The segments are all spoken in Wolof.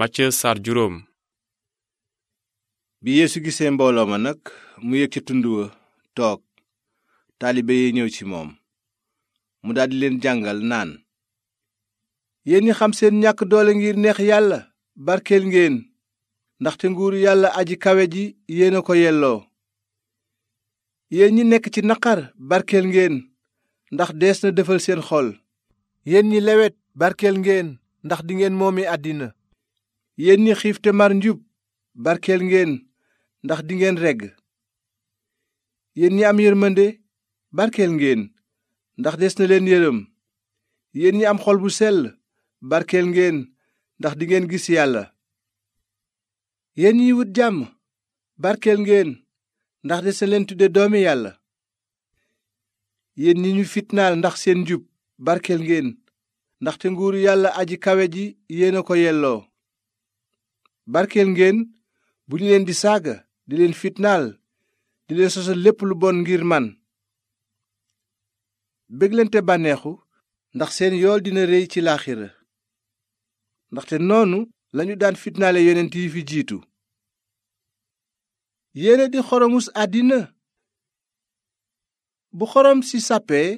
Macë saar juróom bi Yeesu gisee mbooloo ma nag mu yëg ci tund wa toog taalibe yi ñëw ci moom mu daldi leen jàngal naan yéen ñi xam seen ñàkk doole ngir neex yàlla barkeel ngeen ndaxte nguur yàlla aji kawe ji yéen a ko yelloo yéen ñi nekk ci naqar barkeel ngeen ndax dees na defal seen xol yéen ñi lewet barkeel ngeen ndax dingeen moomi àddina yéen ñi xiif te mar njub barkeel ngeen ndax dingeen regg yéen ñi am yërmande barkeel ngeen ndax des na leen yërëm yéen ñi am xol bu sell barkeel ngeen ndax dingeen gis yàlla yéen ñi wut jàmm barkeel ngeen ndax des na leen tudde doomi yàlla yéen ñi ñu fitnaal ndax seen njub barkeel ngeen ndaxte nguur yàlla aji kawe ji yéen a ko yelloo barkeel ngeen bu ñu leen di saaga di leen fitnaal di leen sosal lépp lu bon ngir man bégleen te bànneexu ndax seen yool dina rëy ci laaxira ndaxte noonu lañu daan fitnaale yeneen yi fi jiitu yéene di xoromus àddina bu xorom si sàppee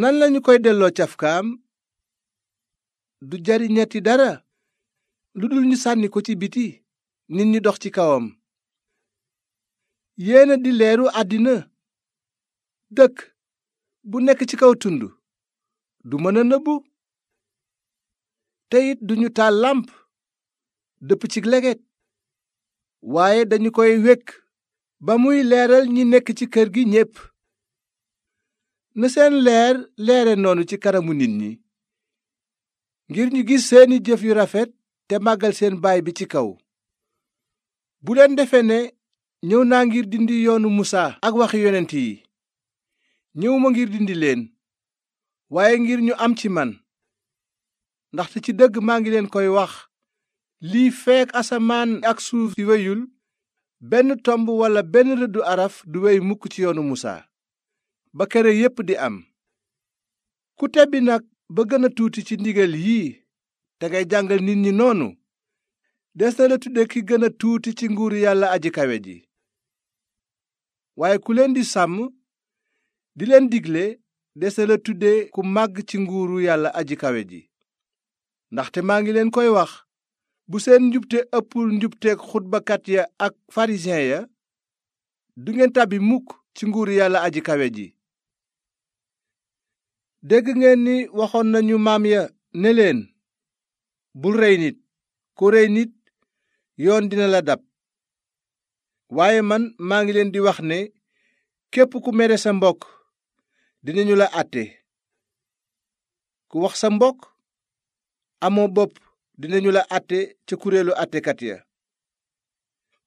nan lañu koy delloo cafkaam du jariñati dara lu dul ñu sànni ko ci biti nit ñi dox ci kawam yéena di leeru àddina dëkk bu nekk ci kaw tund du mën a nëbbu te it duñu taal làmp dëpp ci leget waaye dañu koy wékk ba muy leeral ñi nekk ci kër gi ñépp na seen leer leere noonu ci kanamu nit ñi ngir ñu gis seeni jëf yu rafet te màggal seen baay bi ci kaw bu leen defee ne ñëw naa ngir dindi yoonu musaa ak waxi yonent yi ñëwuma ngir dindi leen waaye ngir ñu am ci man ndaxte ci dëgg maa ngi leen koy wax lii feek asamaan ak suuf si weyul benn tomb walla benn rëddu araf du wey mukk ci yoonu musaa ba kere yépp di am ku tebbi nag ba gën tuuti ci ndigal yii dangay jàngal nit ñi noonu des na la tudde ki gën a tuuti ci nguur yàlla aji kawe ji waaye ku leen di sàmm di leen digle des na la tudde ku màgg ci nguur yàlla aji kawe ji ndaxte maa ngi leen koy wax bu seen njubte ëppul njubteeg xutbakat ya ak farisiyen ya du ngeen tàbbi mukk ci nguur yàlla aji kawe ji dégg ngeen ni waxoon nañu maam ya ne leen bul rey nit ku rey nit yoon dina la dab waaye man maa ngi leen di wax ne képp ku mere sa mbokk dinañu la àtte ku wax sa mbokk amoo bopp dinañu la àtte ca kuréelu àttekat ya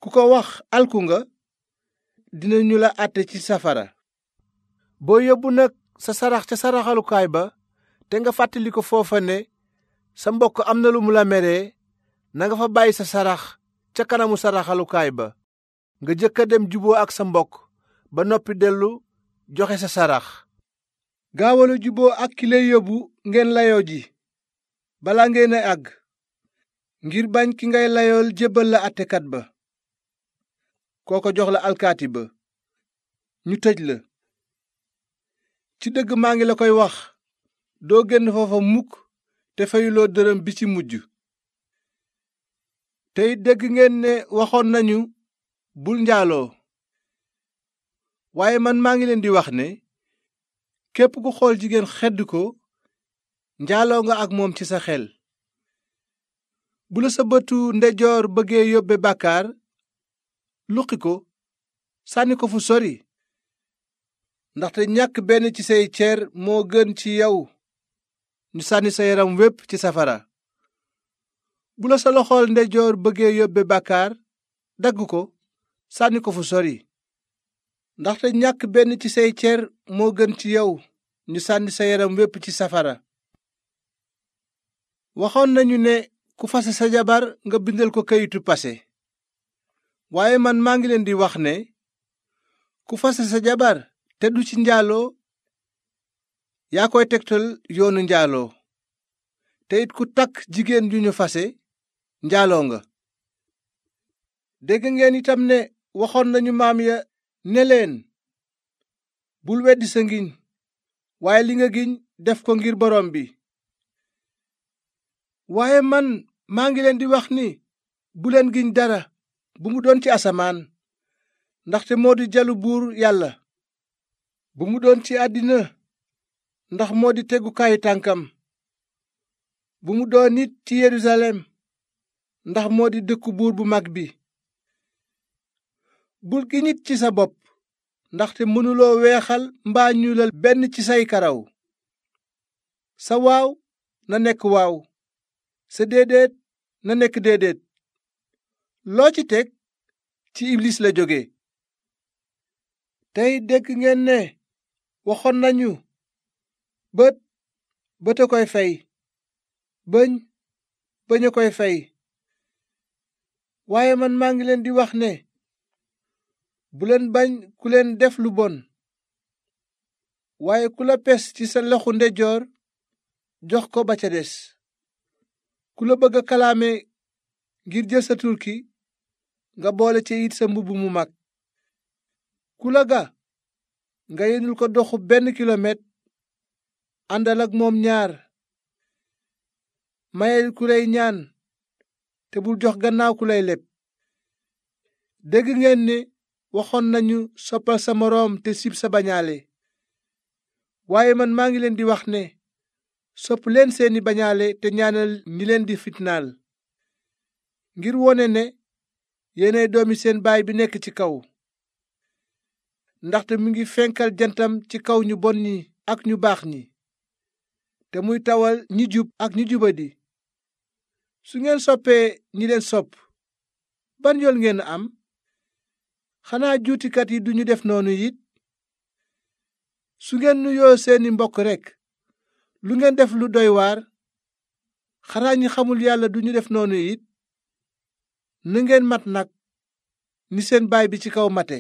ku ko wax alku nga ñu la àtte ci safara boo yóbbu nag sa sarax ca saraxalukaay ba te nga fàttali ko foofa ne sa mbokk am na lu mu la nanga fa bàyyi sa sarax ca kanamu saraxalukaay ba nga jëkk a dem juboo ak sa mbokk ba noppi dellu joxe sa sarax gaawalu juboo ak ki lay yóbbu ngeen layoo ji bala ngeen a àgg ngir bañ ki ngay layool jébbal la àttekat ba kooko jox la alkaati ba ñu tëj la ci dëgg maa ngi la koy wax doo génn foofa mukk te fayuloo dërëm bi ci mujj tey dégg ngeen ne waxoon nañu bul njaaloo waaye man maa ngi leen di wax ne képp ku xool jigéen xedd ko njaaloo nga ak moom ci sa xel bu la sa bëtu ndejoor bëggee yóbbe bàkkaar luqi ko sànni ko fu sori ndaxte ñàkk benn ci say ceer moo gën ci yow ñu sànni sa yaram wépp ci safara bu la sa loxool ndeyjoor bëggee yóbbe bàkkaar dagg ko sànni ko fu sori ndaxte ñàkk benn ci say cer moo gën ci yow ñu sànni sa yaram wépp ci safara waxoon nañu ne ku fase sa jabar nga bindal ko kayitu pase waaye man maa ngi leen di wax ne ku fase sa jabar te du ci njaaloo yaa koy tegtal yoonu njaaloo te it ku takk jigéen ju ñu fase njaaloo nga dégg ngeen itam ne waxoon nañu maam ya neleen bul weddi sa ngiñ waaye li nga giñ def ko ngir borom bi waaye man maa ngi leen di wax ni bu leen giñ dara bu mu doon ci asamaan ndaxte moo di jalu buur yàlla bu mu doon ci àddina ndax moo di tegukaayu tànkam bu mu doon it ci Yerusalem ndax moo di dëkku buur bu mag bi bul gi nit ci sa bopp ndaxte mënuloo weexal mbaa benn ci say karaw sa waaw na nekk waaw sa déedéet na nekk déedéet loo ci teg ci iblis la jóge tey dégg ngeen ne waxoon nañu bët bët a koy fay bëñ bëñ a koy fay waaye man maa ngi leen di wax ne bu leen bañ ku leen def lu bon waaye ku la pes ci sa loxu ndejoor jox ko ba ca des ku la bëgg a kalaame ngir jël sa turki nga boole ci it sa mbubb mu mag ku ga nga yenul ko doxu benn kilomètre àndal ak moom ñaar mayel ku lay ñaan te bul jox gannaaw ku lay leb dégg ngeen ne waxoon nañu soppal sa moroom te sib sa bañaale waaye man maa ngi leen di wax ne sopp leen seeni bañaale te ñaanal ñi leen di fitnaal ngir wone ne yéenay doomi seen baay bi nekk ci kaw ndaxte mu ngi fenkal jantam ci kaw ñu bon ñi ak ñu baax ñi te muy tawal ñi jub ak ñi jubadi su ngeen soppee ñi leen sopp ban yool ngeen am xanaa juutikat yi duñu def noonu it su ngeen nuyoo seeni mbokk rekk lu ngeen def lu doy waar xanaa ñi xamul yàlla duñu def noonu it na ngeen mat nag ni seen baay bi ci kaw mate